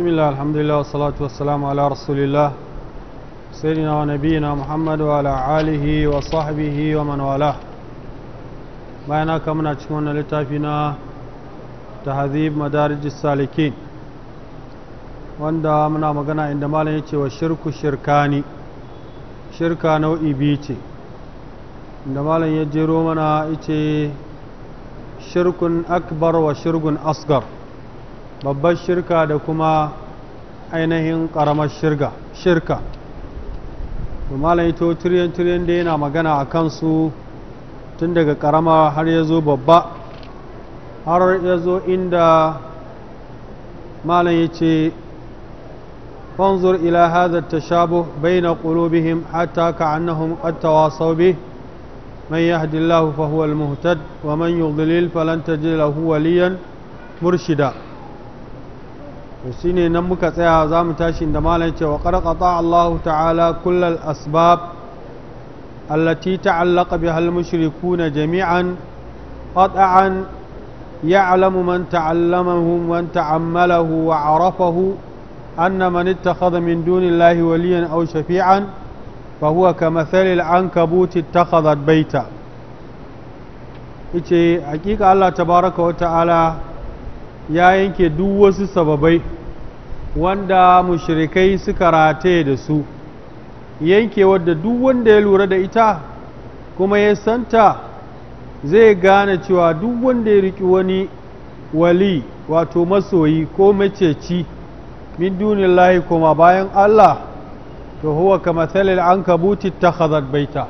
بسم الله الحمد لله والصلاة والسلام على رسول الله سيدنا ونبينا محمد وعلى آله وصحبه wanda muna magana inda malam ya ce wa shirku shirkani shirka nau'i biyu ce inda malam ya jero mana ya shirkun akbar wa shirkun asgar babbar shirka da kuma ainihin karamar shirga shirka malam ito tiriyan-tiriyan da yana magana a su tun daga karama har ya zo babba har ya zo inda malam ya ce fanzur ila hadar ta shabu bai na ƙulobihim hata ka annahun ƙattawa sau bi mai ya hadillahu fahuwal muhtad wa man yi falanta jila huwaliyan murshida shi na muka tsaya za mu tashi da malam cewa karkata Allah ta'ala kulla asbab allati ta'allaqa bihal mushrikuna jami'an qat'an ya'lamu man ta'allamahu wa ta'ammalahu wa 'arafahu anna man ittakhadha min dunillahi waliyan aw shafi'an fa huwa kamathali al-ankabuti ittakhadhat bayta ice hakika Allah tabaaraka wa ta'ala ya yanke duk wasu sababai wanda mushrikai suka rataye da su yankewar da duk wanda ya lura da ita kuma ya santa zai gane cewa duk wanda ya riki wani wali wato masoyi ko maceci min lahi kuma bayan Allah to huwa kama thalil an kabuti ta baita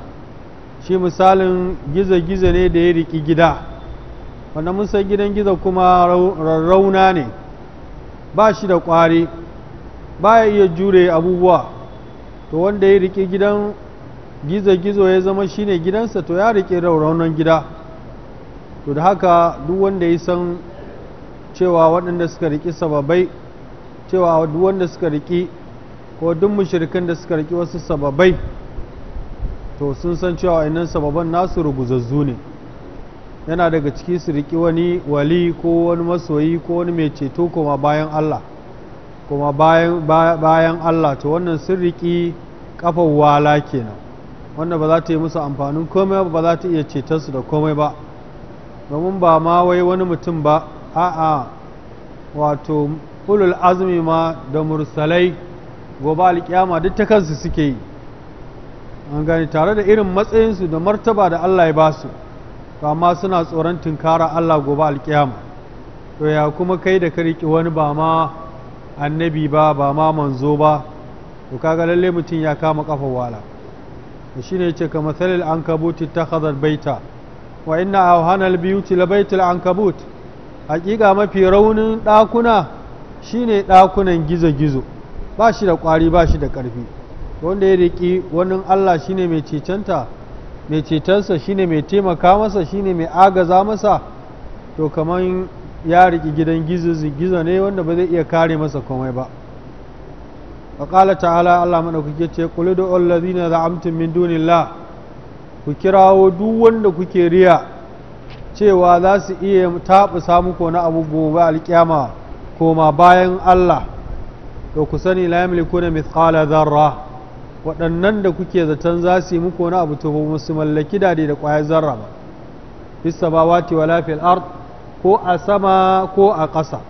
shi misalin gizo-gizo ne da ya riki gida wanda mun san gidan gizo kuma rarrauna ne ba shi da ƙwari ba ya iya jure abubuwa to wanda ya riƙe gidan gizo-gizo ya zama shine gidansa to ya riƙe rarraunan gida to da haka duk wanda ya san cewa waɗanda suka riƙi sababai cewa duk wanda suka riƙi ko duk mushirikan da suka riƙi wasu sababai to sun san cewa inan sababan nasu ruguzazzu ne yana daga ciki su riƙi wani wali ko wani masoyi ko wani mai ceto kuma bayan Allah kuma bayan Allah to wannan sun riƙi kafar wala kenan wanda ba za ta yi musu amfanin komai ba ba za ta iya cetarsu da komai ba domin ba ma wai wani mutum ba a'a wato ulul azumi ma da mursalai gobe alƙiyama duk ta kansu suke yi an gani tare da irin matsayinsu da martaba da Allah ya basu. su to amma suna tsoron tunkara Allah gobe alkiyama to ya kuma kai da ka riƙe wani ba ma annabi ba ba ma manzo ba to kaga lalle mutum ya kama kafa wala to shine yace ka masalil ta takhadhal baita wa inna awhana biyuti la baitul ankabut hakika mafi raunin ɗakuna shine ɗakunan gizo-gizo ba shi da kwari ba shi da karfi wanda ya riƙi wani allah shine mai cecenta mai cetonsa shine mai taimaka masa shine mai agaza masa to kamar ya riƙi gidan gizo ne wanda ba zai iya kare masa komai ba ƙala ta'ala Allah maɗaukake ce kuli da allazi na za'amtun min dunillah ku kirawo duk wanda kuke riya cewa za su iya taɓa samu ko na abu gobe alƙyama koma bayan Allah to ku sani la yamliku na mithqala zarra waɗannan da kuke zaton za su yi muku wani abu to musu mallaki dade da ƙwayar zarra ba ba wati wa fil ard ko a sama ko a ƙasa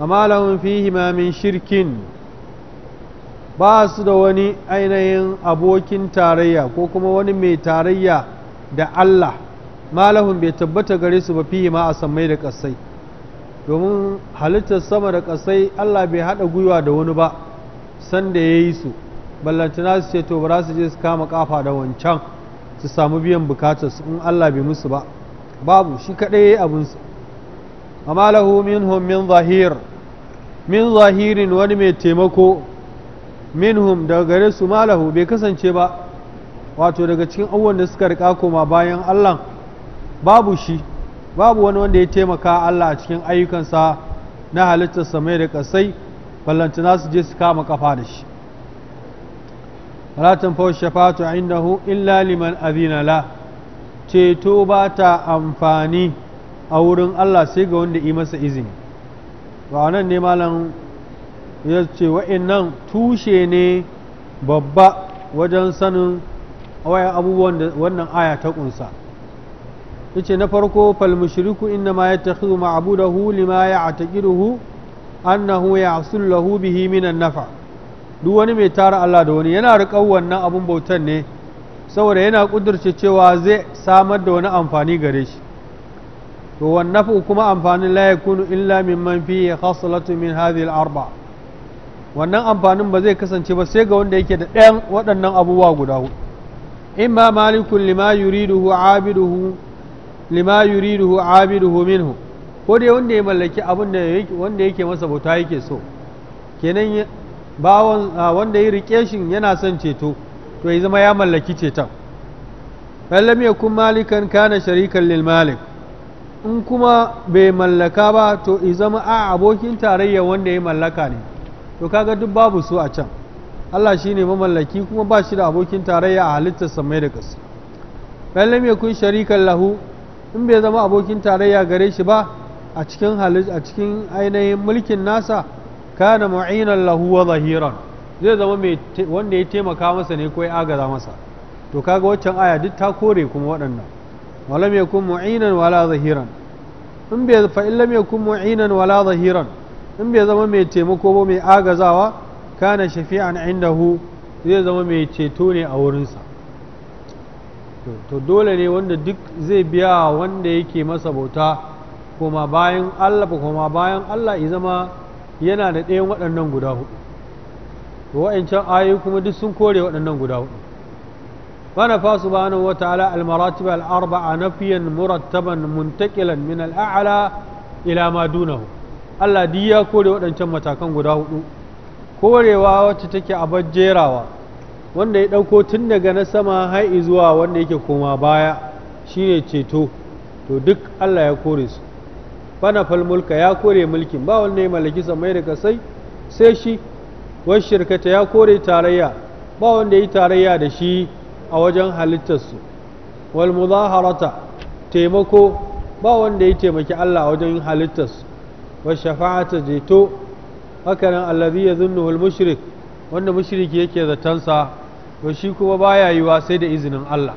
amma malamin fihi ma shirkin ba su da wani ainihin abokin tarayya ko kuma wani mai tarayya da Allah malamin bai tabbata gare su ba fihi ma a samai da ƙasai domin halittar sama da ƙasai Allah bai haɗa gwiwa da wani ba sanda ya yi su ballantana su ce to ba su je su kama kafa da wancan su samu biyan su in Allah bai musu ba babu shi abun su amma lahu minhum min zahir min zahirin wani mai taimako minhum daga gare su malahu bai kasance ba wato daga cikin abubuwan da suka rika koma bayan Allah babu shi babu wani wanda ya taimaka Allah a cikin ayyukansa na halittar samai da kasai ballantana su je su kama kafa da shi la tanfa'u shafa'atu indahu illa liman azina la ceto ba ta amfani a wurin Allah sai ga wanda yi masa izini ba nan ne malam ya ce wa'annan tushe ne babba wajen sanin wayan abubuwan da wannan aya ta kunsa yace na farko fal inna ma yattakhidhu ma'budahu lima ya'taqiduhu annahu ya'sul lahu bihi minan nafa' duk wani mai tara Allah da wani yana riƙau wannan abun bautan ne saboda yana ƙudurce cewa zai samar da wani amfani gare shi to wannafu kuma amfanin la yakunu illa min man fi khaslatu min hadhihi al-arba wannan amfanin ba zai kasance ba sai ga wanda yake da ɗayan waɗannan abubuwa guda hudu imma malikun lima yuriduhu abiduhu lima yuriduhu abiduhu minhu ko dai wanda ya mallaki abin da wanda yake masa bauta yake so kenan bawon ah, wanda ya rike shi yana son ceto to ya zama ya mallaki ceton lam yakun malikan kana sharikan lil malik in kuma bai mallaka ba to i zama a abokin tarayya wanda ya mallaka ne to kaga duk babu su a can Allah shine mamallaki kuma ba shi da abokin tarayya a halittar samai da ƙasa lam yakun sharikan lahu in bai zama abokin tarayya gare shi ba a cikin ainihin mulkin nasa kana mu'inan lahu wa zahiran zai zama wanda ya taimaka masa ne ko ya agaza masa to kaga waccan aya duk ta kore kuma waɗannan walam yakun mu'inan wala zahiran in bai fa in lam yakun mu'inan wala zahiran in bai zama mai taimako ba mai agazawa kana shafi'an indahu zai zama mai ceto ne a wurinsa to dole ne wanda duk zai biya wanda yake masa bauta kuma bayan Allah kuma bayan Allah ya zama yana da ɗayan waɗannan guda hudu wa'ancan ayoyi kuma duk sun kore waɗannan guda hudu ونفى سبحانه وتعالى المراتب الأربعة نفيا مرتبا منتقلا min الأعلى ila ma dunahu Allah di ya kore waɗancan matakan guda hudu korewa wacce take abar jerawa wanda ya ɗauko tun daga na sama har zuwa wanda yake koma baya shine ceto to duk Allah ya kore su fanafal mulka ya kore mulkin ba wanda ya mallaki samai da kasai sai shi wasu shirkata ya kore tarayya ba wanda yi tarayya da shi a wajen halittarsu wal muzaharata taimako ba wanda ya taimaki Allah a wajen halittarsu wa shafa'ata jeto hakanan allazi zunnu wal mushrik wanda mushriki yake zatansa to shi kuma baya yiwa sai da izinin Allah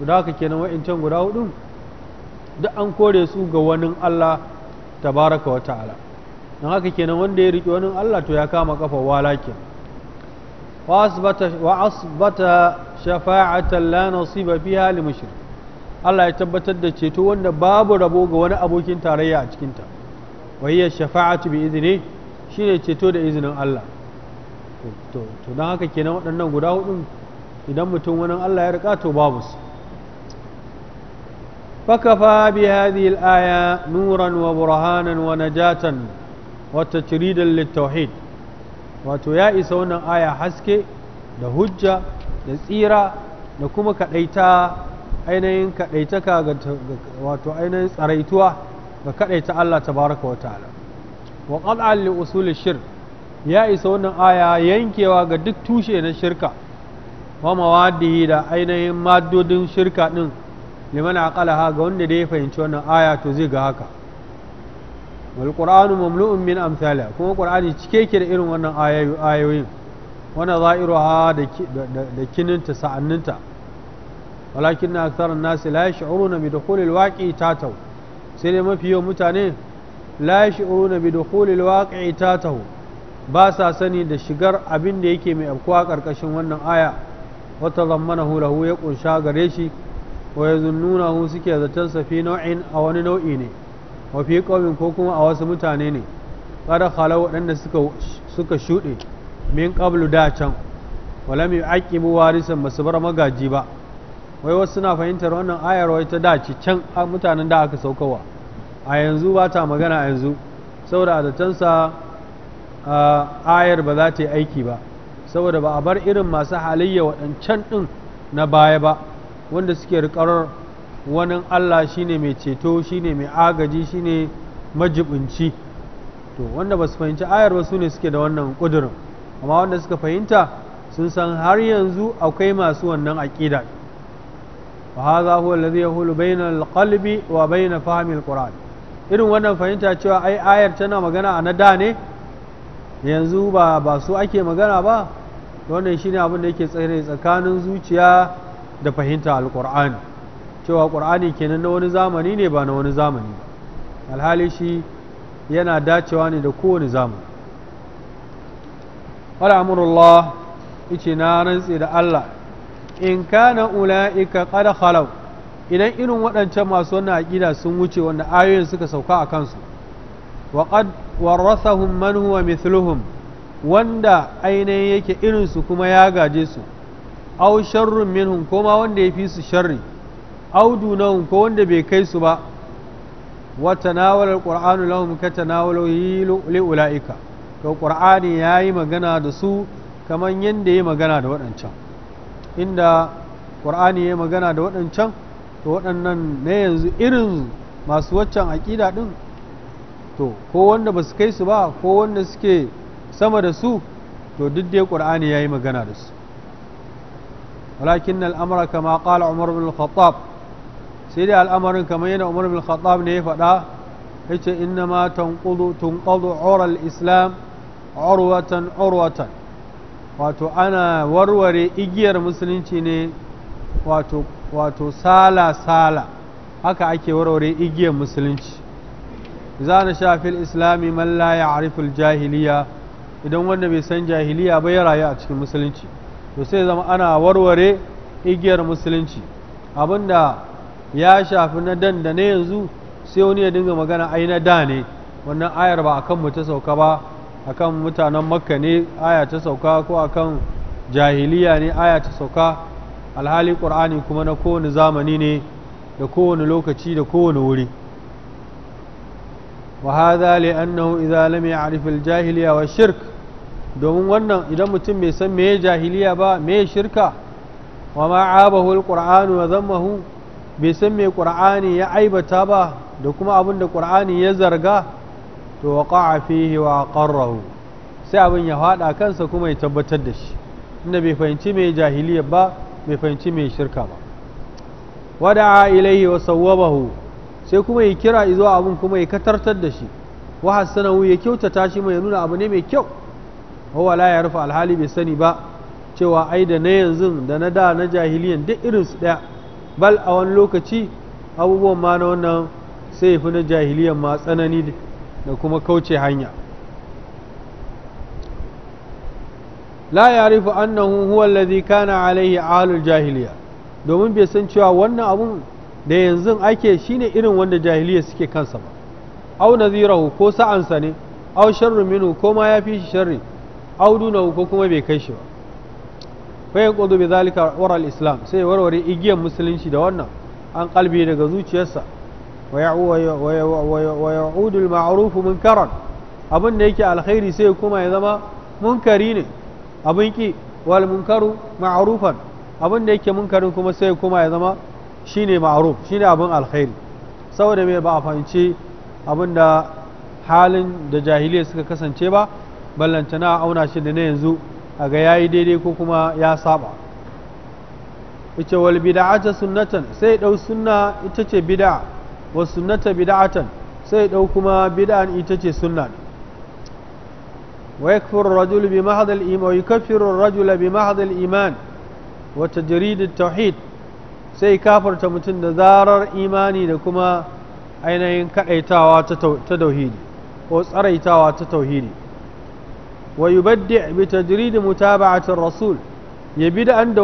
guda haka kenan wa'incan guda hudun duk an kore su ga wani Allah tabaraka wa ta'ala don haka kenan wanda ya riƙe wani Allah to ya kama kafa walakin wa asbata shafa'ata la nasiba fiha li mushrik Allah ya tabbatar da ceto wanda babu rabo ga wani abokin tarayya a cikinta wa hiya shafa'atu bi idni shine ceto da izinin Allah to don haka kenan waɗannan guda hudu idan mutum wani Allah ya rika to babu su فكفى بهذه الآية نورا وبرهانا ونجاة وتشريدا للتوحيد وتيائس هنا آية حسكي da hujja da tsira da kuma kaɗaita ainihin kaɗaitaka ga wato ainihin tsaraituwa ga kaɗaita Allah tabaraka wa ta'ala wa qad'an li usul shirk ya isa wannan aya yankewa ga duk tushe na shirka wa mawadihi da ainihin maddodin shirka din liman aqalaha ga wanda da ya fahimci wannan aya to zai ga haka wal qur'anu mamlu'un min amsala kuma qur'ani cike yake da irin wannan ayoyin wannan za'iruha da kininta sa'anninta walakin na nasi la yash'uruna bi dukhulil waqi'i tatahu sai dai mafi yawan mutane la yash'uruna bi dukhulil waqi'i tatahu ba sa sani da shigar abin da yake mai afkuwa karkashin wannan aya wata zammanahu lahu ya kunsha gare shi wa yazunnunahu suke zaton sa fi nau'in a wani nau'i ne wa fi ko kuma a wasu mutane ne kada khalau waɗanda suka shuɗe min qablu da can walam yu'aqibu warisan basu bar magaji ba wai wasu na fahimtar wannan ayar wai ta dace can mutanen da aka saukawa a yanzu ba ta magana a yanzu saboda a zatansa ayar ba za ta yi aiki ba saboda ba a bar irin masu halayya waɗancan ɗin na baya ba wanda suke rikarar wani Allah shine mai ceto shine mai agaji shine majibinci to wanda ba su fahimci ayar ba su ne suke da wannan kudurin amma wanda suka fahimta sun san har yanzu akwai masu wannan aƙida wa hadha huwa alladhi yahulu bayna wa bayna fahmi alquran irin wannan fahimta cewa ai ayar tana magana a na da ne yanzu ba ba su ake magana ba wannan shine abin da yake tsare tsakanin zuciya da fahimta alkur'ani cewa ƙur'ani kenan na wani zamani ne ba na wani zamani alhali shi yana dacewa ne da kowane zamani wala ice na rantsi da Allah in kana ula'ika ƙada halau idan irin waɗancan masu wannan aƙida sun wuce wanda ayoyin suka sauka a kansu wa ƙad warasahum man huwa mithluhum wanda ainihin yake irinsu kuma ya gaje su aw sharrun minhum ko ma wanda ya fi su sharri aw dunahum ko wanda bai kai su ba wa tanawala alqur'anu lahum ka tanawalihi li ulaika to qur'ani yayi magana da su kaman yanda yayi magana da waɗancan inda qur'ani yayi magana da waɗancan to waɗannan ne yanzu irin masu waccan aƙida din to ko wanda ba kai su ba ko wanda suke sama da su to duk dai qur'ani ya yi magana da su walakin al'amara kama qala umar bin al-khattab sai da al'amarin kamar yana umar bin al-khattab ne ya faɗa yace inna ma tanqudu tunqadu ural islam urwatan urwatan wato ana warware igiyar musulunci ne wato sala sala haka ake warware igiyar musulunci zana na shafil islami mallaya la ya'riful jahiliya idan wanda bai san jahiliya ba ya rayu a cikin musulunci to sai zama ana warware igiyar musulunci abinda ya shafi na dan da na yanzu sai wani ya dinga magana ai na da ne wannan ayar ba akan mu ta sauka ba akan mutanen makka ne aya ta sauka ko akan jahiliya ne aya ta sauka alhali ƙur'ani kuma na kowane zamani ne da kowane lokaci da kowane wuri وهذا لأنه إذا لم jahiliya wa shirk domin wannan idan mutum bai san meye jahiliya ba meye shirka wa ma'abahu alqur'anu wa zammahu bai san me qur'ani ya aibata ba da kuma abin da qur'ani ya zarga to waqa'a fihi wa qarrahu sai abin ya fada kansa kuma ya tabbatar da shi inda bai fahimci me jahiliya ba bai fahimci me shirka ba wada'a ilayhi wa sawwabahu sai kuma ya kira izo abin kuma ya katartar da shi wa hasanahu ya kyautata shi mai nuna abu ne mai kyau huwa la ya rufe alhali bai sani ba cewa ai da na yanzu da na da na jahiliyan duk irin su ɗaya bal a wani lokaci abubuwan ma na wannan sai fi na jahiliyan ma tsanani da kuma kauce hanya la ya rufe annahu huwa alladhi kana alaihi alul jahiliya domin bai san cewa wannan abun da yanzu ake shine irin wanda jahiliya suke kansa ba au nazirahu ko sa'ansa ne au sharru minhu ko ma ya fi shi sharri عودنا وكوكما بيكشوا فين قدو بذلك ورا الإسلام سي ورا ورا إيجي مسلم شيء دهونا عن قلبي نجذوت يسا ويعو ويعو ويعو ويعود المعروف منكرا أبن نيك على خير سي وكوما إذا ما منكرين أبن كي والمنكر معروفا أبن نيك منكر وكوما سي وكوما إذا ما شيني معروف شيني أبن على خير سوى نبي بعفان شيء أبن دا حال دا جاهلية سكسن شيء بقى ballantana a auna shi da na yanzu a ga yayi daidai ko kuma ya saba ita wal bid'ata sunnatan sai dau sunna ita ce bid'a wa sunnata bid'atan sai dau kuma bid'an ita ce sunna wa yakfuru ar bi mahd al-iman wa yukaffiru ar bi mahd al-iman wa tajrid at-tauhid sai kafarta mutum da zarar imani da kuma ainihin kadaitawa ta tauhidi ko tsaraitawa ta tauhidi wa yubaddi متابعة الرسول يبدا rasul ya bid'an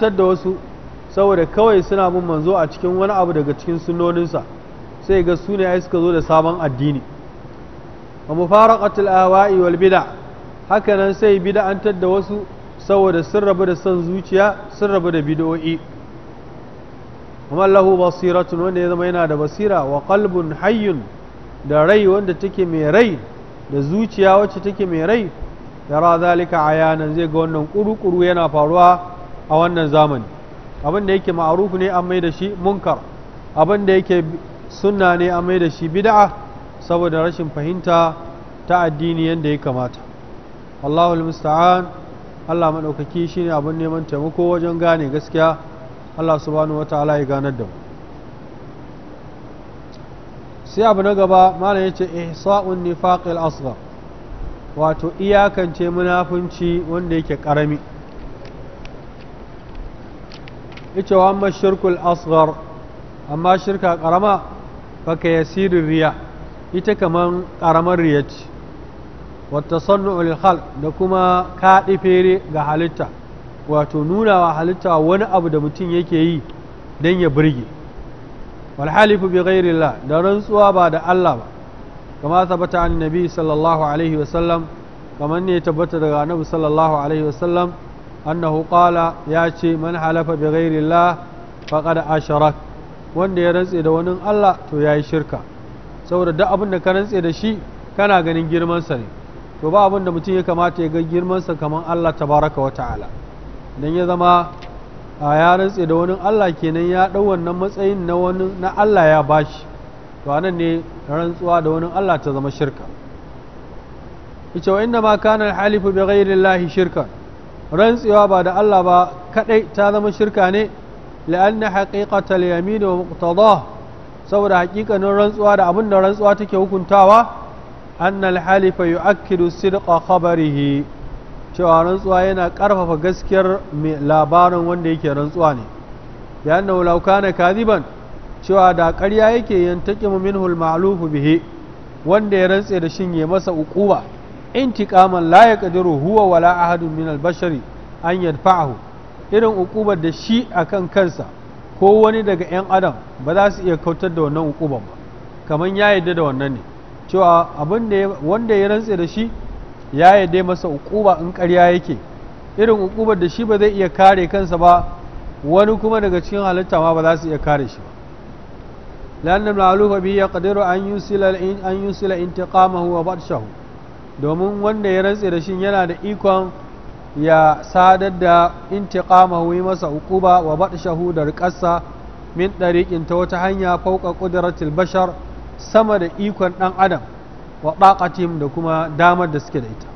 da da wasu saboda kawai suna bin manzo a cikin wani abu daga cikin sunoninsa sai ga su ne ai suka zo da sabon addini wa mufaraqatul awa'i wal bid'a hakanan sai bid'antar da wasu saboda sun rabu da son zuciya sun rabu da bid'o'i kuma lahu basiratun wanda ya zama yana da basira wa qalbun hayyun da rai wanda take mai rai da zuciya wacce take mai rai ra zalika ayanan zai ga wannan kuru-kuru yana faruwa a wannan zamani abin da yake ma'aruf ne an mai da shi munkar abin da yake sunna ne an mai da shi bid'a saboda rashin fahimta ta addini yadda ya kamata allahu musta'an Allah maɗaukaki shine abin neman taimako wajen gane gaskiya Allah subhanahu wataala ya ganar da mu sai abu na gaba malam yace ihsa'un nifaq asghar wato iyakance munafunci wanda yake karami yace wa amma shirkul asghar amma shirka karama fa ka yasiru riya ita kaman karamar riya ce wa tasannu'u lil khalq da kuma kaɗi fere ga halitta wato nuna wa halitta wani abu da mutum yake yi don ya burge wal halifu bi da rantsuwa ba da Allah ba kama sabata an nabi sallallahu alaihi wasallam kamar ne tabbata daga annabi sallallahu alaihi wasallam annahu qala ya ce man halafa bi ghairillah faqad asharak wanda ya rantse da wani Allah to yayi shirka saboda duk abin da ka rantse da shi kana ganin girman sa ne to ba abin da mutum ya kamata ya ga girman sa kamar Allah tabaraka wa ta'ala dan ya zama a ya rantse da wani Allah kenan ya ɗau wannan matsayin na wani na Allah ya bashi to anan ne rantsuwa da wani Allah ta zama shirka ita wa inna ma kana halifu bi ghairi shirka rantsewa ba da Allah ba kadai ta zama shirka ne la'anna haqiqatal yamin wa muqtada saboda haƙiƙanin rantsuwa da abin da rantsuwa take hukuntawa annal halifa yu'akkidu sidqa khabarihi cewa rantsuwa yana ƙarfafa gaskiyar labarin wanda yake rantsuwa ne bayan lauka na kaziban cewa da ƙarya yake yantaqimu minhu minhul malufu bihi wanda ya rantse da shinye masa uquba intiqaman la yaqdiru huwa wala ahadun min al-bashari an yadfa'ahu irin uqubar da shi akan kansa ko wani daga 'yan adam ba za su iya kautar da wannan uquban ba kamar ya yadda da wannan ne cewa abin wanda ya rantse da shi ya dai masa ukuba in karya yake irin ukubar da shi ba zai iya kare kansa ba wani kuma daga cikin halitta ma ba za su iya kare shi ba لأن المعلوف an yi sila يوصل أن يوصل انتقامه domin wanda ya rantse da shi yana da ikon ya sadar da intiqamahu yi masa ukuba wa shahu da rikarsa min ɗariƙin ta wata hanya fauka ƙudurar bashar sama da ikon ɗan adam wa da kuma damar da suke da ita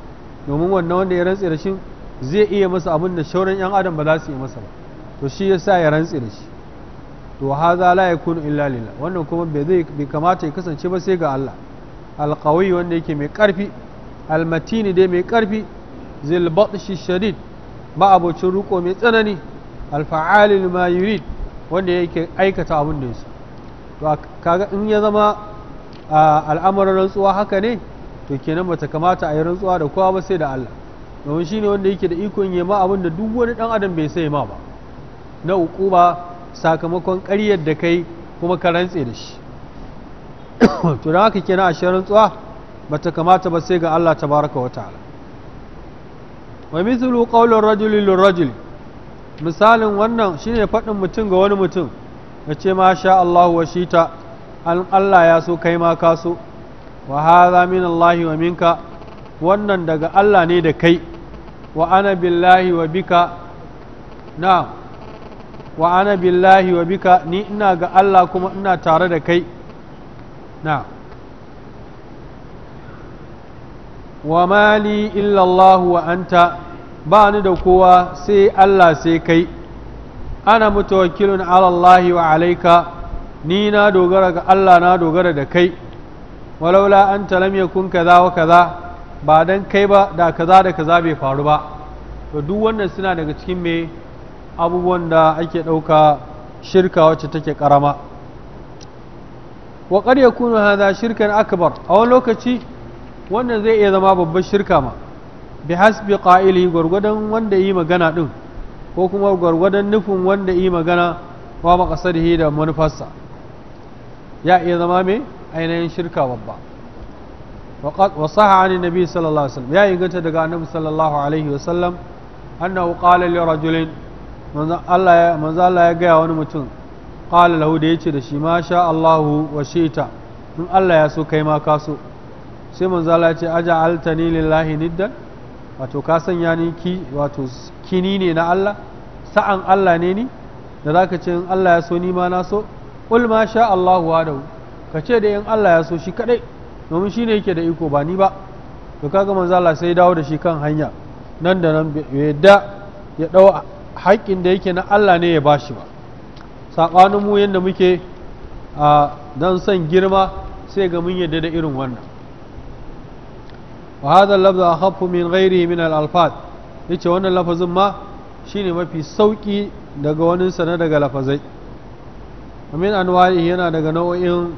domin wannan wanda ya rantse da shi zai iya masa abin da shauran 'yan adam ba za su yi masa ba to shi ya sa ya rantse da shi to haza la kunu illa lillah wannan kuma bai zai bai kamata ya kasance ba sai ga Allah Alƙawai wanda yake mai karfi almatini dai mai karfi zil batshi shadid ba abocin ruko mai tsanani alfa'alil ma yurid wanda yake aikata abin da yasa to kaga in ya zama al'amuran rantsuwa haka ne to kenan bata kamata a yi rantsuwa da kowa ba sai da Allah domin shine wanda yake da ikon yi ma abin da duk wani dan adam bai sai ma ba na uku ba sakamakon ƙaryar da kai kuma ka rantse da shi to don haka kenan a shirin ba bata kamata ba sai ga Allah tabaraka wa ta'ala wa mithlu qawlur rajuli rajul misalin wannan shine faɗin mutum ga wani mutum ya ce ma sha Allah wa shita an Allah ya so kai ma ka so wa hadha min Allah wa minka wannan daga Allah ne da kai wa ana billahi wa bika na wa ana billahi wa bika ni ina ga Allah kuma ina tare da kai na wa mali illallahu wa anta ba ni da kowa sai Allah sai kai ana mutawakkilun ala Allah wa alaika ni na dogara ga Allah na dogara da kai walaula an lam yakun kaza wa kaza ba dan kai ba da kaza da kaza bai faru ba to duk wannan suna daga cikin me abubuwan da ake ɗauka shirka wacce take karama wa qad yakunu hadha shirkan akbar a wani lokaci wannan zai iya zama babban shirka ma bi hasbi qa'ili gurgudan wanda yi magana din ko kuma gwargwadon nufin wanda yi magana wa maqasadihi da manufarsa ya iya zama mai ainihin shirka babba wa saha na nabi sallallahu alaihi wasallam ya inganta daga annabi sallallahu alaihi wasallam annahu qala li rajulin manzo Allah ya manzo Allah ya gaya wani mutum qala lahu da yace da shi ma sha Allahu wa shita in Allah ya so kai ma ka so sai manzo Allah ya ce aja'altani lillahi nidda wato ka sanya ni ki wato kini ne na Allah sa'an Allah ne ni da zaka ce in Allah ya so ni ma na so ƙul ma sha Allahu wahdahu ka ce da yin Allah ya so shi kaɗai domin shi ne yake da iko ba ni ba to kaga manzo Allah sai dawo da shi kan hanya nan da nan yadda ya dau haƙƙin da yake na Allah ne ya bashi ba saɓanin mu yadda muke a dan son girma sai ga mun yadda da irin wannan wa hadha a lafzu akhaffu min ghairihi min yace wannan lafazin ma shine mafi sauki daga wani sana daga lafazai min anwa'ihi yana daga nau'in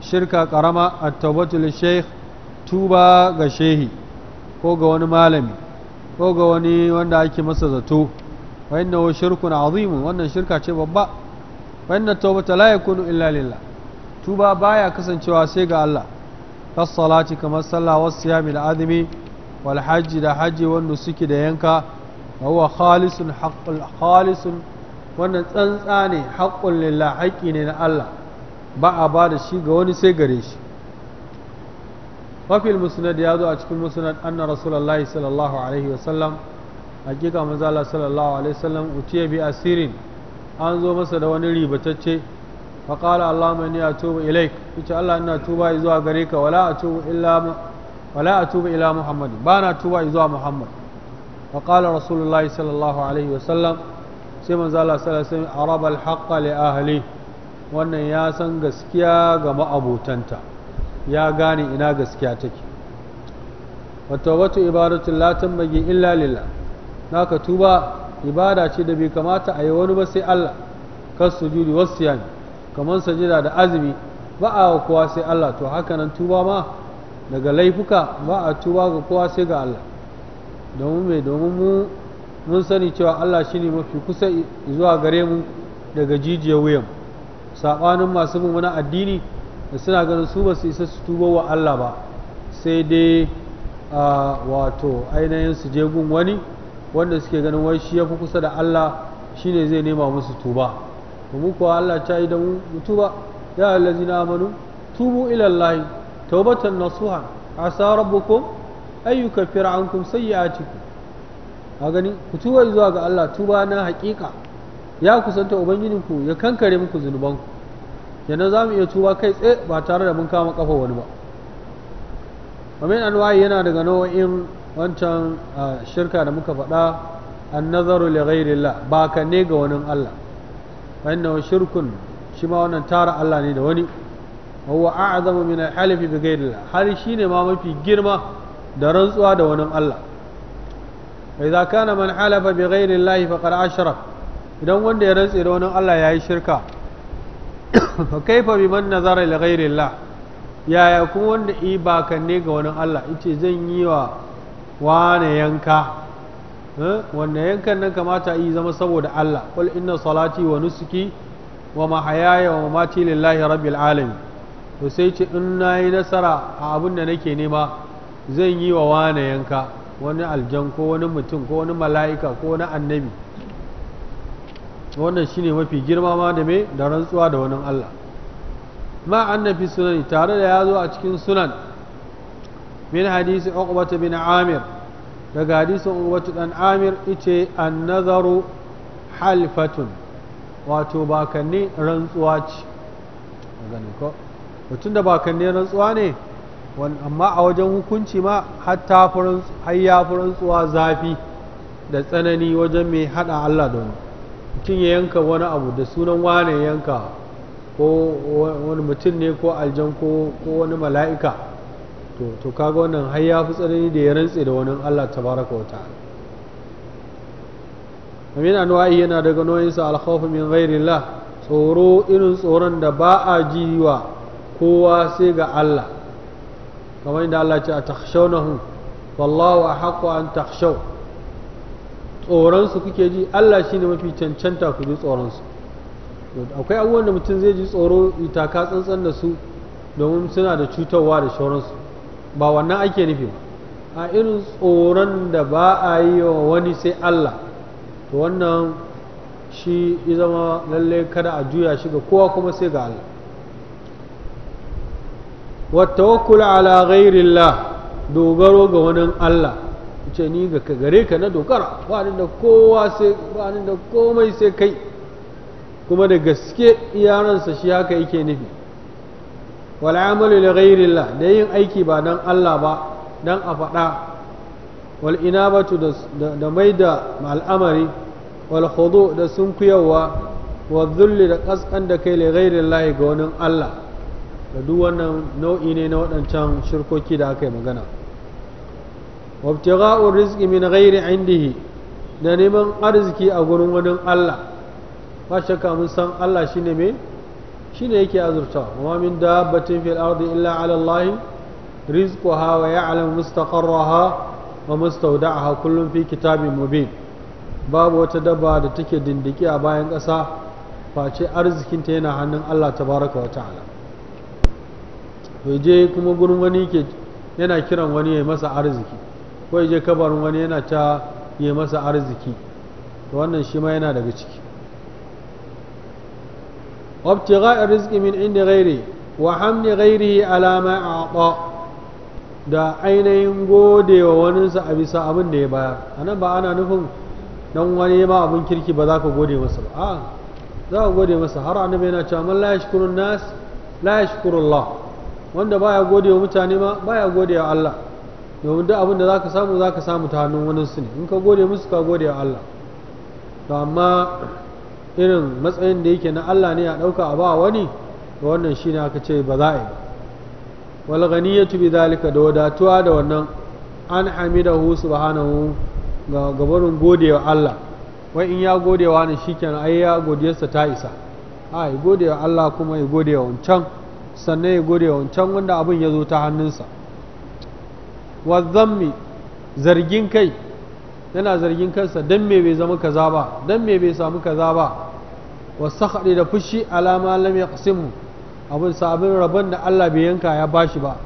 shirka karama at-tawbatul shaykh tuba ga shehi ko ga wani malami ko ga wani wanda ake masa zato wa innahu shirkun azim wannan shirka ce babba wa inna tawbata la yakunu illa lillah tuba baya kasancewa sai ga Allah kas salati kamar sallah was siyami da azumi wal hajji da hajji wanda suke da yanka wa huwa khalisun haqqul khalisun wannan tsantsa ne haƙƙun lillah haƙƙi ne na Allah ba a ba da shi ga wani sai gare shi mafi musnad ya zo a cikin musnad anna rasulullahi sallallahu alaihi wasallam hakika manzala sallallahu alaihi wasallam utiya bi asirin an zo masa da wani ribatacce fa qala allahumma inni atubu ilaik ita Allah ina tuba zuwa gare ka wala atubu illa wala atubu ila muhammad ba na tuba zuwa muhammad fa qala rasulullahi sallallahu alaihi wasallam sai manzo Allah sallallahu alaihi wasallam arabal haqqa li ahli wannan ya san gaskiya ga ma'abutanta ya gane ina gaskiya take wata wata ibadatu la tambagi illa lillah naka tuba ibada ce da bai kamata a yi wani ba sai Allah kan sujudi wasu yani kamar sajida da azumi ba a kowa sai Allah to haka nan tuba ma daga laifuka ba a tuba ga kowa sai ga Allah domin mai domin mu mun sani cewa Allah shine mafi kusa zuwa gare mu daga jijiyar wuyan saɓanin masu mu na addini da suna ganin su ba su isa su tuba wa Allah ba sai dai wato ainihin su je gun wani wanda suke ganin wai shi ya fi kusa da Allah shine zai nema musu tuba mu kuwa Allah ta yi da mu tuba ya na amanu tubu ilallahi Allah tawbatan nasuha asa rabbukum ay yukaffira ankum sayyi'atikum a gani ku tuba zuwa ga Allah tuba na hakika ya kusanta ubangijin ku ya kankare muku zunubanku kenan za mu iya tuba kai tsaye ba tare da mun kama kafa wani ba amin anwa'i yana daga nau'in wancan shirka da muka faɗa an nazaru li ghairillah ba ka ne ga wani Allah fa shirkun shi ma wannan tara Allah ne da wani huwa a'zamu min al halfi bi ghairillah har shine ma mafi girma da rantsuwa da wani Allah idza kana man halafa bi ghairi llahi faqad idan wanda ya rantse da wani Allah yayi shirka fa kaifa biman nazara li ghairi llah yaya kuma wanda i ba kanne ga wani Allah yace zan yi wa wane yanka wanda yankan nan kamata yi zama saboda Allah qul inna salati wa nusuki wa mahayaya wa mamati lillahi rabbil sai ce in nayi nasara a abin da nake nema zan yi wa wane yanka wani aljan ko wani mutum ko wani mala'ika ko wani annabi wannan shine mafi girma ma da me da rantsuwa da wani Allah ma annabi sunani tare da ya zo a cikin sunan min hadisi uqbata bin amir daga hadisin uqbata dan amir ice an-nazaru halfatun wato bakanni rantsuwa ce ko mutum da bakanni rantsuwa ne amma a wajen hukunci ma har ya rantsuwa zafi da tsanani wajen mai hada Allah da mutum ya yanka wani abu da sunan wane yanka ko wani mutum ne ko aljan ko wani mala'ika to kaga wannan har ya fi tsanani da ya rantse da wani Allah tabaraka wa ta'ala amin anwa'i yana daga noyinsa alkhawf min ghairillah tsoro irin tsoron da ba a jiwa kowa sai ga Allah kamar inda Allah ce a takhshawnahu wallahu ahqqu an takhshaw tsoron kuke ji Allah shine mafi cancanta ku ji tsoron akwai abubuwan da mutum zai ji tsoro itaka tsantsan da su domin suna da cutarwa da shauransu ba wannan ake nufi ba a irin tsoron da ba a yi wa wani sai Allah to wannan shi zama lallai kada a juya shi ga kowa kuma sai ga Allah wattawakkul ala ghairillah dogaro ga wani Allah ce ni ga gare ka na dogara ba da kowa sai da komai sai kai kuma da gaske iyaransa shi haka yake nufi wal amalu li ghairillah da yin aiki ba dan Allah ba dan a faɗa wal inabatu da mai da al'amari wal khudu da sunkuyawa wa dhulli da kaskan da kai li ghairillah ga wani Allah da duk wannan nau'i ne na waɗancan shirkoki da aka yi magana wabtigha'ur rizqi min ghairi indihi da neman arziki a gurin wani Allah ba shakka mun san Allah shine me shine yake azurta wa min dabbatin fil ardi illa ala Allah rizquha wa ya'lamu mustaqarraha wa mustawda'aha kullum fi kitabin mubin babu wata dabba da take dindiki a bayan ƙasa face arzikinta yana hannun Allah tabaraka wa ta'ala to je kuma gurin wani ke yana kiran wani ya masa arziki ko je kabarin wani yana ta ya masa arziki to wannan shi ma yana daga ciki wabtigha rizqi min inda ghairi wa hamni ghairi ala ma a'ta da ainihin godewa waninsa a bisa abin da ya bayar anan ba ana nufin dan wani ma abin kirki ba za ka gode masa ba a za ka gode masa har annabi yana cewa man la yashkurun nas la yashkurullah wanda baya gode wa mutane ma baya gode wa Allah domin duk abin da za ka samu za ka samu ta hannun wani su ne in ka gode musu ka gode wa Allah to amma irin matsayin da yake na Allah ne a ɗauka a ba wani da wannan shi ne aka ce ba za a yi wal ghaniyatu bi zalika da wadatuwa da wannan an hamidahu subhanahu ga gabarin gode wa Allah wai in ya gode wa ne shikenan ai ya godiyarsa ta isa ai gode wa Allah kuma ya gode wa wancan sannan ya gode wancan wanda abin ya zo ta hannunsa wazzammi zargin kai yana zargin kansa dan me bai zama kaza ba dan me bai samu kaza ba wasakhadi da fushi alama lam yaqsimu abin sabin rabon da Allah bai yanka ya bashi ba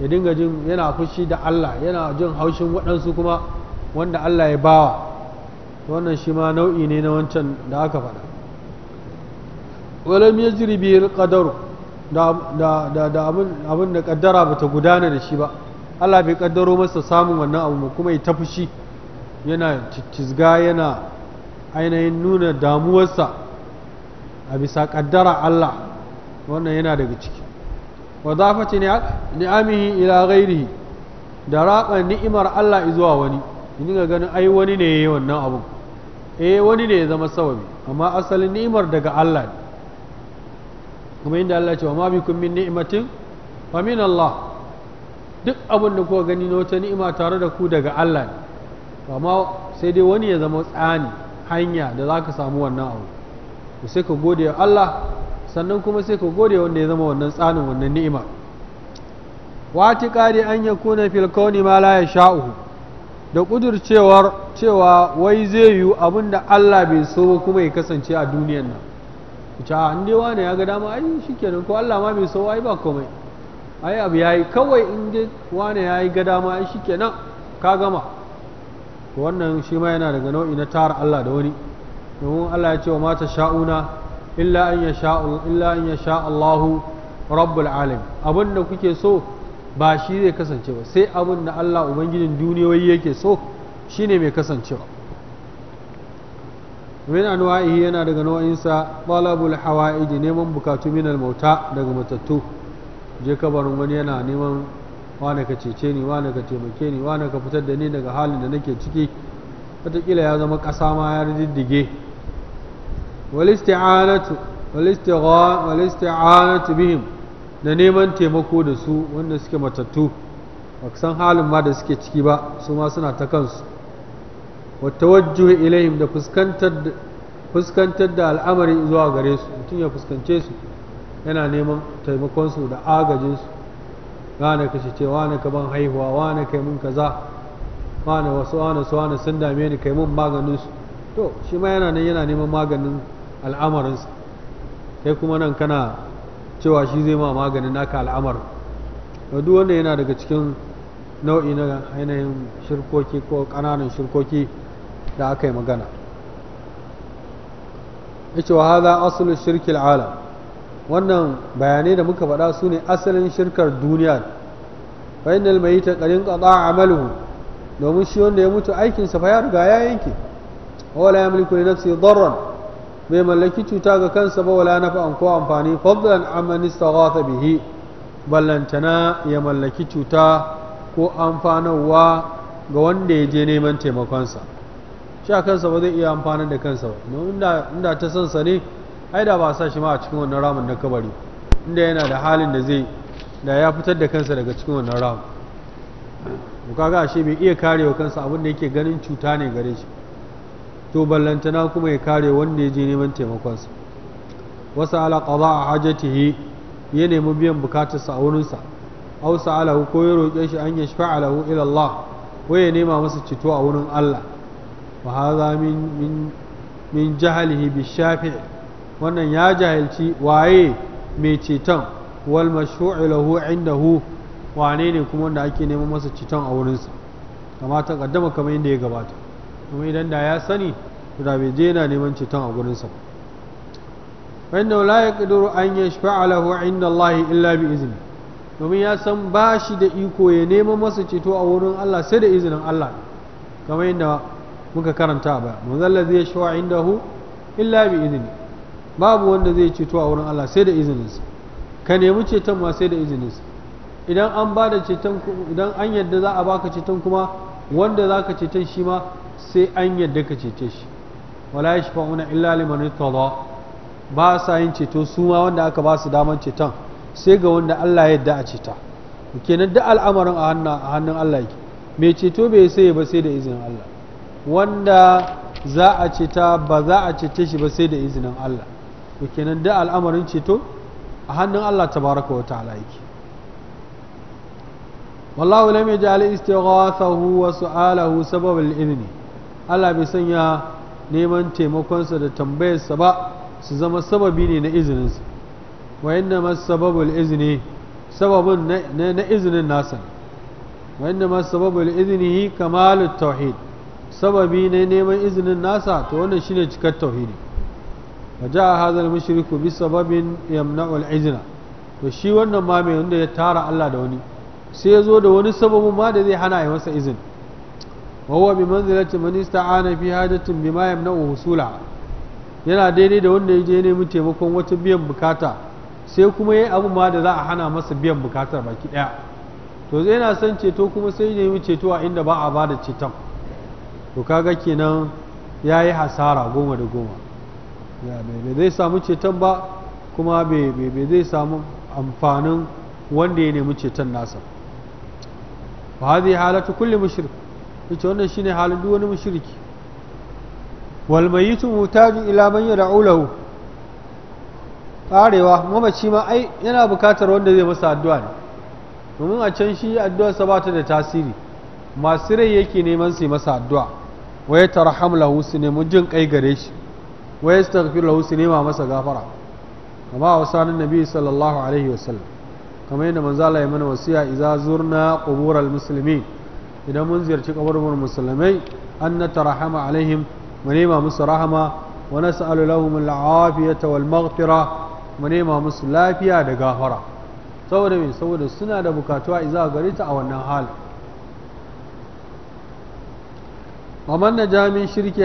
ya dinga jin yana fushi da Allah yana jin haushin waɗansu kuma wanda Allah ya bawa wannan shi ma nau'i ne na wancan da aka faɗa walam yajri bihi da abin da kaddara ba ta gudana da shi ba Allah bai kaddaro masa samun wannan abu kuma ita fushi yana cizga yana ainihin nuna damuwarsa a bisa kaddara Allah wannan yana daga ciki wa zafati ni'amihi ila ghairihi da raƙa ni'imar Allah zuwa wani in ga ganin ai wani ne ya yi wannan abun eh wani ne ya zama sababi amma asalin ni'imar daga Allah ne kuma inda Allah ce wa ma min ni'matin wa min Allah duk abin da kuka gani na wata ni'ima tare da ku daga Allah ne amma sai dai wani ya zama tsani hanya da za ka samu wannan abu sai ka gode wa Allah sannan kuma sai ka gode wanda ya zama wannan tsanin wannan ni'ima wati kare an ya kuna fil kauni ma la yasha'u da kudurcewar cewa wai zai yiwu abin da Allah bai so kuma ya kasance a duniyar nan ta an ah, dai wane ya ga dama ai shikenan ko Allah ma bai so ai ba komai ai abu yayi kawai in dai wane yayi ga dama ai shikenan ka gama to wannan shi ma yana daga nau'i na tara Allah da wani domin Allah ya ce wa mata sha'una illa an yasha illa an yasha Allah rabbul abin da kuke so ba shi zai kasance ba sai abin da Allah ubangijin duniyoyi yake so shine mai kasancewa min anwa'ihi yana daga nau'insa talabul hawa'ij neman bukatu min al-mauta daga matattu je kabarin wani yana neman wane ka cece ni wane ka taimake ni wane ka fitar da ni daga halin da nake ciki wataƙila ya zama ƙasa ma ya diddige wal isti'anatu walisti'anatu bihim da neman taimako da su wanda suke matattu ba san halin ma da suke ciki ba su ma suna ta kansu watawajjuhu tawajjuhi ilaihim da fuskantar da al'amari zuwa gare su mutum ya fuskance su yana neman taimakon su da agajin su gane ka ce wane ka ban haihuwa wane kai mun kaza wane wasu wane su wane sun dame ni kai mun maganin su to shi ma yana nan yana neman maganin al'amarin su, kai kuma nan kana cewa shi zai ma maganin naka al'amar to duk wanda yana daga cikin nau'i na ainihin shirkoki ko ƙananan shirkoki da aka yi magana ce wa haza asalin shirkil alam wannan bayanai da muka faɗa su ne asalin shirkar duniya fa ta mayita qarin a amaluhu domin shi wanda ya mutu aikinsa fa ya riga ya yanke wala yamliku li nafsi bai mallaki cuta ga kansa ba wala fa'an ko amfani fadlan amani sagata bihi ballantana ya mallaki cuta ko amfanarwa ga wanda ya je neman taimakonsa sha kansa ba zai iya amfanin da kansa ba inda ta san ne ai da ba sa shi ma a cikin wannan ramin na kabari inda yana da halin da zai da ya fitar da kansa daga cikin wannan ramin to kaga ashe bai iya karewa kansa abin da yake ganin cuta ne gare shi to ballantana kuma ya kare wanda ya je neman taimakonsa wasu ala qada hajatihi ya nemi biyan sa a wurinsa aw sa'alahu ko ya roƙe shi an yashfa'a lahu ila Allah ko ya nema masa cito a wurin Allah وهذا من من من جهله بالشافع wannan ya jahilci waye mai ceton wal mashru'u lahu indahu wane ne kuma wanda ake neman masa ceton a wurinsa kamar ta kaddama kamar yadda ya gabata kuma idan da ya sani to da bai je yana neman ceton a wurinsa ba inda la yaqdiru an yashfa'a lahu inda Allah illa bi izni domin ya san ba shi da iko ya neman masa ceto a wurin Allah sai da izinin Allah kamar yadda muka karanta ba manzalla zai shawa hu illa bi izini babu wanda zai ceto a wurin Allah sai da izininsa ka nemi ceton ma sai da izininsa idan an ba da ceton idan an yadda za a baka ceton kuma wanda za ka ceton shi ma sai an yadda ka cece shi wala ya yashfa'una illa liman irtada ba sa yin ceto su ma wanda aka ba su damar ceton sai ga wanda Allah ya yadda a ceta kenan duk al'amarin a hannun Allah yake mai ceto bai sai ba sai da izinin Allah wanda za a cita ba za a cece shi ba sai da izinin Allah to kenan da al'amarin ceto a hannun Allah tabaraka wa ta'ala yake wallahu lam yaj'al istighathahu wa su'alahu sabab al-idhn Allah bai sanya neman taimakonsa da tambayarsa ba su zama sababi ne na izininsa wa inna mas sababul izni sababun na izinin nasa wa inna kamalut tauhid sababi ne neman izinin nasa to wannan shine cikar tauhidi wa ja hadha al mushriku bi sababin yamna'u al izna to shi wannan ma mai wanda ya tara Allah da wani sai ya zo da wani sababin ma da zai hana ya masa izin wa huwa bi manzilati man ista'ana fi hajatin bima yamna'u husula yana daidai da wanda ya je nemi taimakon wata biyan bukata sai kuma yayi abu ma da za a hana masa biyan bukatar baki daya to zai yana son ceto kuma sai ya nemi ceto a inda ba a bada ceton to kaga kenan ya yi hasara goma da goma bai zai samu ceton ba kuma bai zai samu amfanin wanda ya nemi ceton nasa ba hazi halatta kulle mushrik ita wannan shine halin wani mashirki walmayitu ila man da lahu ƙarewa mamaci ma ai yana bukatar wanda zai masa addu'a ne domin a can shi addu'arsa ba ta da tasiri masu rai yake neman su yi masa addu'a wa ya tarham lahu su nemi jin kai gare shi wa ya staghfir lahu su nema masa gafara kama a sanin nabi sallallahu alaihi wasallam kamar yadda manzo Allah ya mana wasiya idza zurna qubural muslimin idan mun ziyarci kaburbur musulmai an natarahama alaihim mu nema musu rahama wa nas'alu lahum al-afiyata wal maghfira mu nema musu lafiya da gafara saboda me saboda suna da bukatuwa idza ta a wannan halin. wa man naja min shirki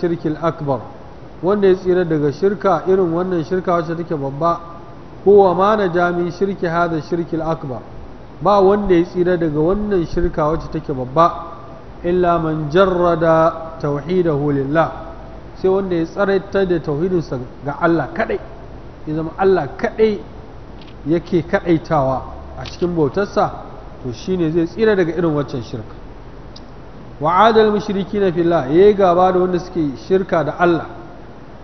shirkil akbar wanda ya tsira daga shirka irin wannan shirka wacce take babba kowa ma naja min shirki hada shirkil akbar ba wanda ya tsira daga wannan shirka wacce take babba illa man jarrada tauhidahu lillah sai wanda ya tsaraita da tauhidinsa ga Allah kadai ya zama Allah kadai yake kadaitawa a cikin bautarsa to shine zai tsira daga irin waccan shirka wa adal mushriki na fila ya yi gaba da wanda suke shirka da Allah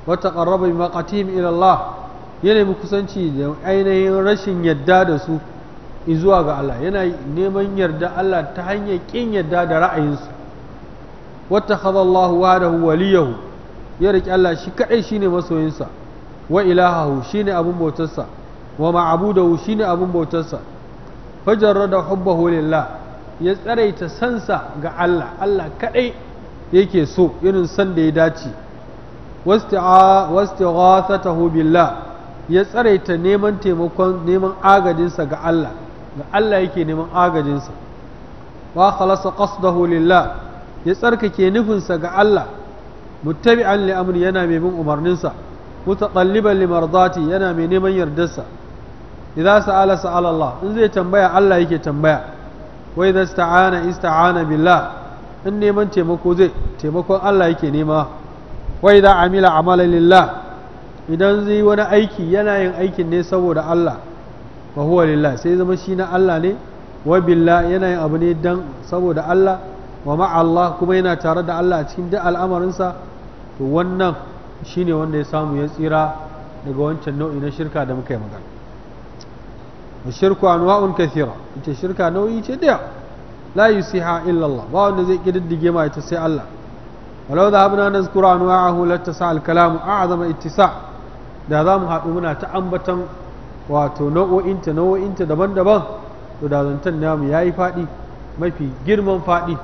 wata ƙarraba bi maqatim ila Allah ya nemi kusanci da ainihin rashin yadda da su zuwa ga Allah yana neman yarda Allah ta hanyar ƙin yadda da ra'ayinsu wata wa da waliyahu ya riƙe Allah shi kaɗai shine masoyinsa wa ilahahu shine abin bautarsa wa ma'abudahu shine abin bautarsa da hubbahu lillah ya tsaraita sansa ga Allah Allah kaɗai yake so irin san da ya dace wastighafatahu billah ya tsaraita neman taimakon neman agajinsa ga Allah ga Allah yake neman agajinsa wa khalasa qasdahu lillah ya tsarkake nufinsa ga Allah muttabi'an li amri yana mai bin umarninsa mutaqalliban li mardati yana mai neman yardarsa idza sa'ala sa'ala Allah in zai tambaya Allah yake tambaya wai da sta'ana ista'ana billah in neman taimako zai taimakon Allah yake nema wai da amila amala lillah idan zai wani aiki yana yin aikin ne saboda Allah wa huwa lillah sai zama shi na Allah ne wa billah yana yin abu ne dan saboda Allah wa ma Allah kuma yana tare da Allah a cikin duk al'amarinsa to wannan shine wanda ya samu ya tsira daga wancan nau'i na shirka da muka yi magana shirku anwa'un kathira ita shirka nau'i ce da la yusiha illa Allah ba wanda zai kididdige ma ita sai Allah walau da habna nazkuru anwa'ahu latasa al a'zama ittisa da za mu haɗu muna ta ambatan wato nau'o'inta nau'o'inta daban-daban to da zantan namu yayi faɗi mafi girman faɗi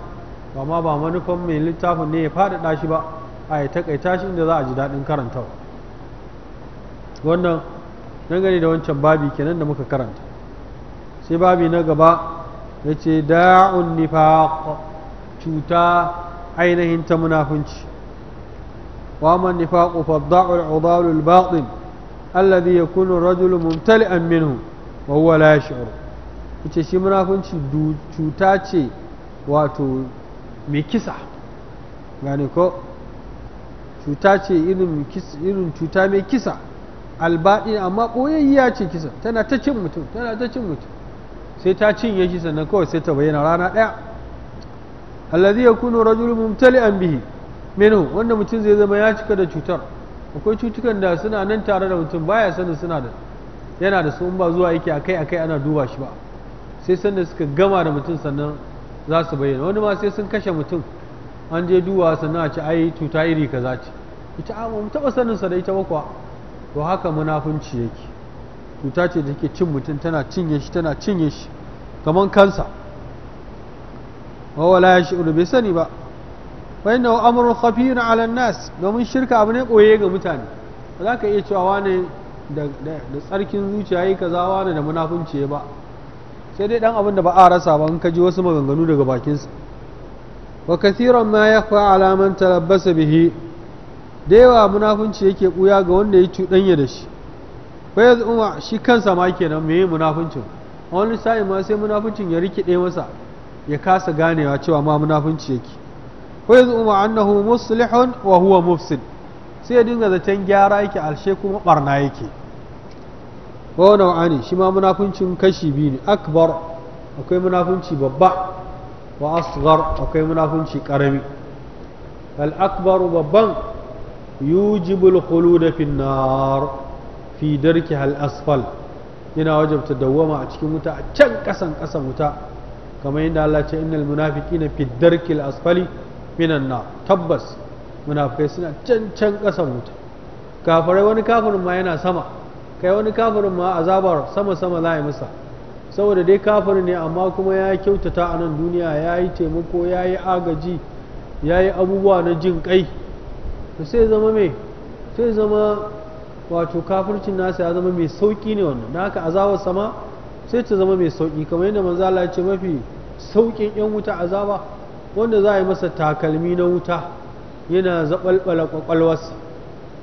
ba ma ba manufan mai littafin ne ya faɗaɗa shi ba a ya takaita shi inda za a ji daɗin karantawa wannan dangane da wancan babi kenan da muka karanta sai babi na gaba ya ce da'un nifaq cuta ainihin ta munafunci وأما النفاق فالضع العضال الباطن الذي يكون الرجل ممتلئا منه وهو لا يشعر yace shi munafunci cuta ce wato mai kisa gane ko cuta ce irin cuta mai kisa albaɗi amma ɓoyayya ce kisa tana ta cin mutum tana ta cin mutum sai ta cinye shi sannan kawai sai ta bayyana rana ɗaya allazi yakunu rajul mumtali'an bihi minhu wanda mutum zai zama ya cika da cutar akwai cutukan da suna nan tare da mutum baya sanin suna da yana da su in ba zuwa yake akai akai ana duba shi ba sai sanda suka gama da mutum sannan za su bayyana wani ma sai sun kashe mutum an je duwa sannan a ci ai cuta iri kaza ce ita ah, a mu taba sanin sa da ita ba kuwa to haka munafunci yake cuta ce da take cin mutum tana cinye shi tana cinye shi kamar kansa wawa la yashuru bai sani ba fa inna amru na ala nas domin shirka abu ne koye ga mutane ba za ka iya cewa wane da tsarkin zuciya yi kaza wane da munafunci ba sai dai dan abin da ba a rasa ba in ka ji wasu maganganu daga bakinsa wa kathiran ma yakhfa ala man talabbasa bihi da yawa munafunci yake buya ga wanda ya cuɗanya da shi bai umar shi kansa ma kenan me munafuncin wani sa'i ma sai munafuncin ya rikide masa ya kasa ganewa cewa ma munafunci yake bai umar annahu muslihun wa huwa mufsid sai ya dinga zaton gyara yake alshe kuma barna yake wani wani shi ma munafuncin kashi biyu ne akbar akwai munafunci babba wa asgar akwai munafunci karami al akbar babban yujibul khulud fi nar fi darki hal asfal yana wajabta dawwama a cikin wuta a can kasan kasan wuta kamar yadda Allah ce innal munafiqina fi darki al asfali minan na tabbas munafikai suna can can kasan wuta kafirai wani kafirin ma yana sama kai wani kafirin ma azabar sama sama za masa saboda dai kafirin ne amma kuma ya kyautata a nan duniya ya yi taimako ya yi agaji ya yi abubuwa na jin kai sai zama me sai zama wato kafircin nasa ya zama mai sauki ne wannan da haka azabar sama sai ta zama mai sauki kamar yadda manzo ce mafi saukin yan wuta azaba wanda za a yi masa takalmi na wuta yana ƙwaƙwalwarsa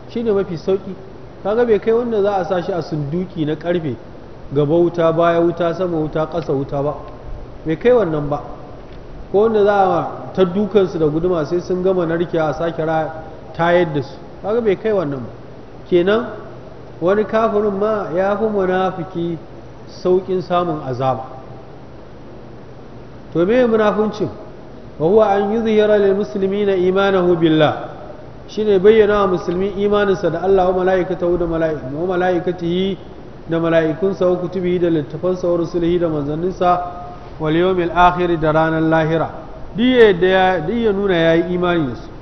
shi ne mafi sauki kaga bai kai wanda za a sa shi a sunduki na ƙarfe gaba wuta baya wuta sama wuta ƙasa wuta ba bai kai wannan ba ko wanda za a ta dukansu da guduma sai sun gama narkewa a sake tayar da su kaga bai kai wannan ba kenan wani kafirin ma ya fi munafiki sauƙin samun azaba to me munafuncin wa huwa an yi zuhira lil na imanahu billah ne bayyana wa musulmi imaninsa da Allah wa mala'ikata da mala'ikata yi da mala'ikunsa wa kutubi da littafansa wa rusulihi da manzanninsa wal yawmil akhir da ranar lahira duk ya nuna yayi imani su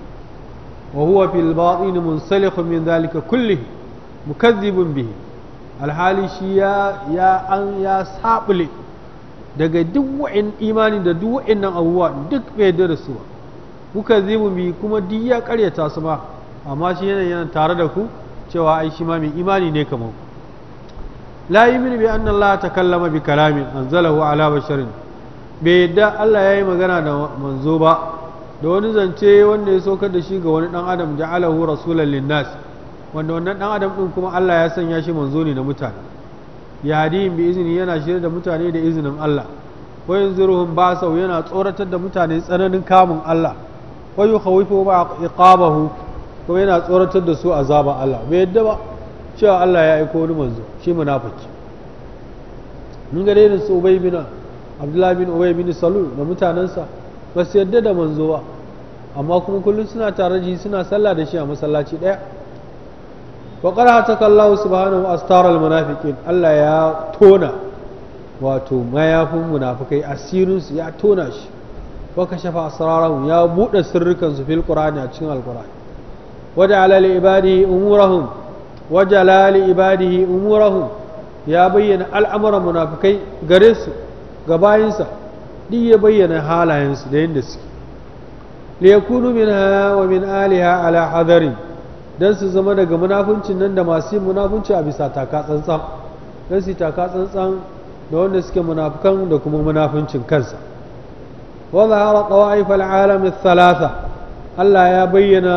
wa huwa fil batin munsalikhu min dhalika kullihi mukazzibun bihi alhali shi ya ya an ya sabule daga duk wa'in imani da duk wa'innan abubuwa duk bai da su ba mukazzibun bihi kuma duk ya karyata su amma shi yana yana tare da ku cewa ai shi ma mai imani ne kamar ku la yuminu bi anna Allah kallama bi kalamin anzalahu ala basharin bai yadda Allah ya yi magana da manzo ba da wani zance wanda ya saukar da shi ga wani dan adam ja'alahu rasulan linnas wanda wannan dan adam din kuma Allah ya sanya shi manzo ne na mutane ya bi izini yana shirya da mutane da izinin Allah wa yanzuruhum basau yana tsoratar da mutane tsananin kamun Allah wa yukhawifu ba iqabahu kuma yana tsoratar da su azaba Allah bai yadda ba cewa Allah ya aiko wani manzo shi munafiki mun ga dai su Ubay bin Abdullah bin Ubay bin Salul da mutanansa ba su yadda da manzo ba amma kuma kullum suna tare da shi suna sallah da shi a masallaci ɗaya wa qarhataka Allah subhanahu wa astaral munafiqin Allah ya tona wato mayafin munafikai asirin su ya tona shi wa kashafa asrarahum ya bude sirrukan su fil qur'ani a cikin alqur'ani wa ja'ala li ibadihi umurahum wa ja'ala li ibadihi umurahum ya bayyana al'amuran munafikai gare su ga bayinsa duk ya bayyana halayensu da yadda suke liyakunu minha wa min aliha ala hadari dan su zama daga munafuncin nan da masu yin munafunci a bisa taka tsantsan dan su taka tsantsan da wanda suke munafukan da kuma munafuncin kansa wa zahara qawaif al-alam ath-thalatha Allah ya bayyana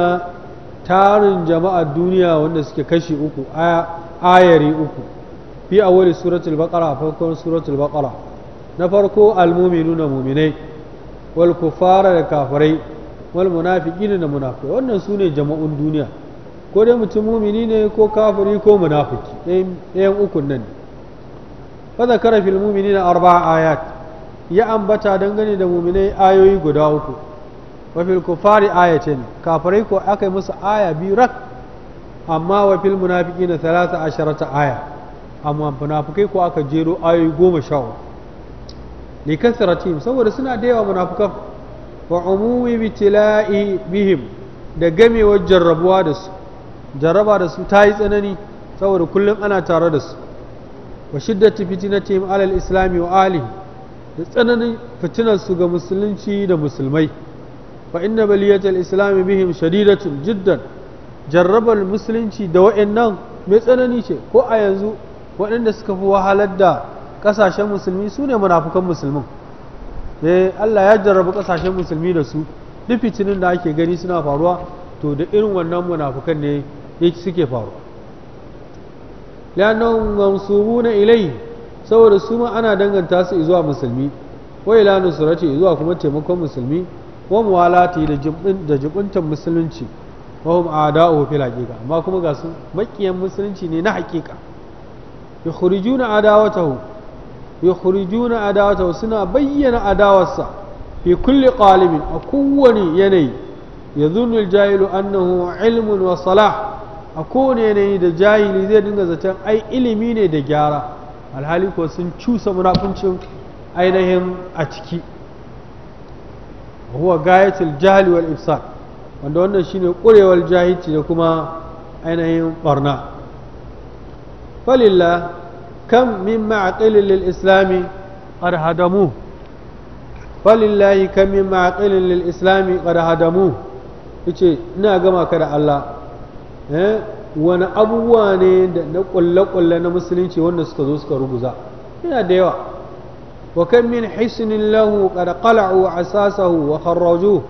tarin jama'ar duniya wanda suke kashi uku ayari uku fi awwali suratul a farkon suratul baqara na farko almuminu na muminai wal kufara da kafirai wal munafiqin da munafiqai wannan su ne jama'un duniya ko dai mutum mumini ne ko kafiri ko munafiki ɗayan ukun nan fa zakara fil muminina arba'a ayat ya ambata dangane da muminai ayoyi guda uku wa fil kufari ayatin kafirai ko aka yi musu aya biyu rak amma wa fil munafiqina 13 aya amma munafikai ko aka jero ayoyi goma sha uku li saboda suna da yawa munafukan wa umumi bitila'i bihim da gamewar jarrabuwa da su jarraba da su ta yi tsanani saboda kullum ana tare da su wa shiddati fitnatihim alal islami wa alihi da tsananin fitinar su ga musulunci da musulmai fa inna baliyatul islami bihim shadidatun jiddan jarrabar musulunci da wa'annan mai tsanani ce ko a yanzu waɗanda suka fi wahalar da Ƙasashen musulmi su ne munafukan musulmin eh Allah ya jarrabu ƙasashen musulmi da su duk fitinin da ake gani suna faruwa to da irin wannan munafukan ne ci suke faruwa lannan na ilai saboda su ma ana danganta su zuwa musulmi wa ila nusrati zuwa kuma taimakon musulmi wa muwalati da jibin da jibuntan musulunci wa hum a'da'u fil haqiqa amma kuma ga su makiyan musulunci ne na haqiqa yukhrijuna adawatahu yukhrijuna adawata suna bayyana adawarsa fi kulli qalibin a kowane yanayi yadhunnu al-jahilu annahu ilmun wa salah a kowane yanayi da jahili zai dinga zaton ai ilimi ne da gyara alhali ko sun cusa munafuncin ainihin a ciki huwa gayatul jahli wal ifsad wanda wannan shine kurewar jahilci da kuma ainihin barna falillah كم من معقل للإسلام قد هدموه فلله كم من معقل للإسلام قد هدموه yace ina gama ka da Allah wani abubuwa ne da na ƙulle-ƙulle na musulunci wanda suka zo suka ruguza yana da yawa wa kan min hisnin lahu qad qala'u asasahu wa kharraju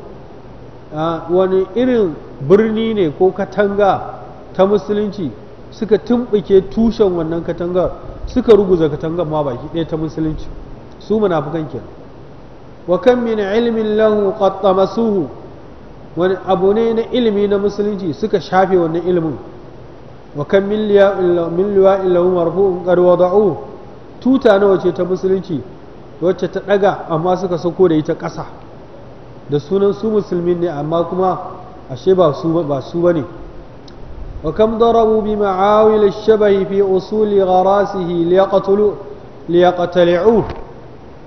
wani irin birni ne ko katanga ta musulunci suka tumɓuke tushen wannan katangar suka ruguza katangan ma baki ɗaya ta musulunci su munafukan kenan wa kan min ilmin lahu qattamasuhu wani abu ne na ilimi na musulunci suka shafe wannan ilimin wa kan min liwa marfu in qad wada'u tuta nawa ce ta musulunci wacce ta ɗaga amma suka sako da ita ƙasa da sunan su musulmi ne amma kuma ashe ba su ba su bane وكم ضربوا بمعاول الشبه في أصول غراسه ليقتلوا ليقتلعوه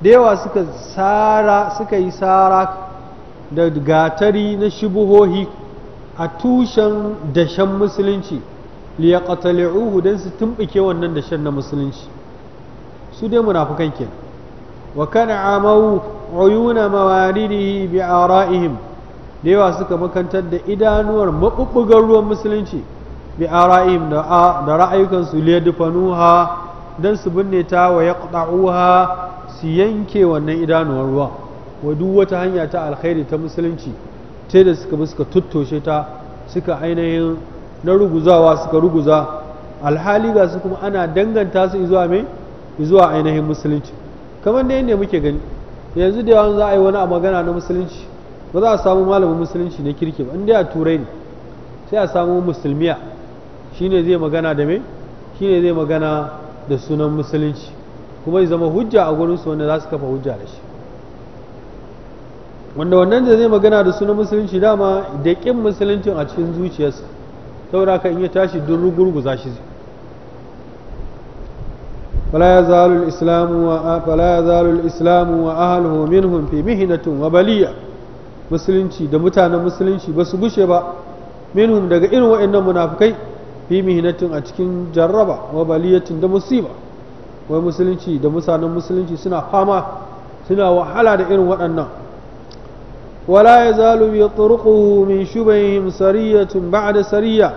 ديوا سكا سارا سكا يسارا da gatari na shubuhohi a tushen dashen musulunci liyaqtali'uhu dan su tumbike wannan dashen na musulunci su dai munafukan kenan wa kana amau uyuna mawaridihi bi ara'ihim da yawa suka makantar da idanuwar mabubbugan ruwan musulunci bi ara'im da ra'ayukan su liyadufanuha dan su binne ta wa yaqta'uha su yanke wannan idanuwar ruwa wa duk wata hanya ta alkhairi ta musulunci ta da suka bi suka tuttoshe ta suka ainihin na ruguzawa suka ruguza alhali ga su kuma ana danganta su zuwa mai zuwa ainihin musulunci kamar da yadda muke gani yanzu da yawan za a yi wani a magana na musulunci ba za a samu malamin musulunci na kirki ba inda a turai ne sai a samu musulmiya shine zai magana da me shine zai magana da sunan musulunci kuma ya zama hujja a gurin su wanda za su kafa hujja da shi wanda wannan da zai magana da sunan musulunci dama da ƙin musuluncin a cikin zuciyarsa saboda ka in ya tashi duk rugurguza shi zai فلا يزال الإسلام و... فلا يزال الإسلام وأهله منهم في مهنة وبلية مسلمشي دمتانا مسلمشي بس بشبا منهم دقا إن منافقين fi mihinatin a cikin jarraba wa baliyatin da musiba wai musulunci da musanin musulunci suna fama suna wahala da irin waɗannan wala ya zalu ya turuquhu min shubayhim sariyatun da sariya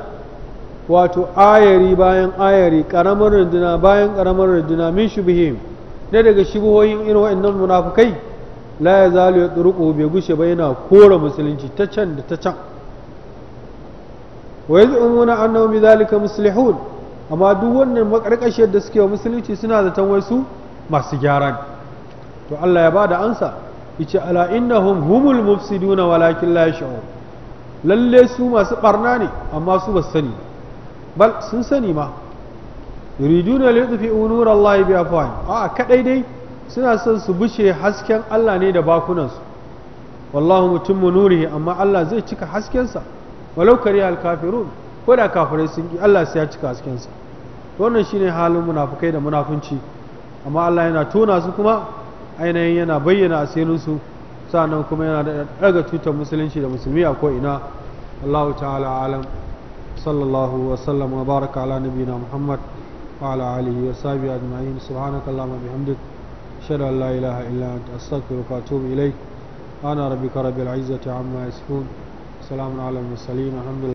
wato ayari bayan ayari karamar runduna bayan karamar runduna min shubihim na daga shubuhoyin irin waɗannan munafukai la ya zalu ya turuquhu bai gushe ba yana kora musulunci ta can da ta can wa yaz'umuna annahum bidhalika muslihun amma duk wannan makarkashiyar da suke wa musulunci suna zaton wai su masu gyara to Allah ya bada ansa yace ala innahum humul mufsiduna walakin la yash'ur lalle su masu barna ne amma su ba sani bal sun sani ma yuriduna li yudfi'u Allah bi afwahihim a kadai dai suna son su bushe hasken Allah ne da bakunansu wallahu mutum nurihi amma Allah zai cika haskensa walau kariya alkafirun ko da kafirai sun ki Allah sai ya cika hasken sa to wannan shine halin munafukai da munafunci amma Allah yana tona su kuma ainihin yana bayyana asirin su sannan kuma yana da daga tutar musulunci da musulmi a ko'ina. ina Allah ta'ala alam sallallahu wa sallam wa baraka ala nabiyina Muhammad wa ala alihi wa sahbihi ajma'in subhanakallahumma bihamdik ashhadu an la ilaha illa anta astaghfiruka wa atubu ilaik ana rabbika rabbil izzati amma yasifun وسلام على المرسلين الحمد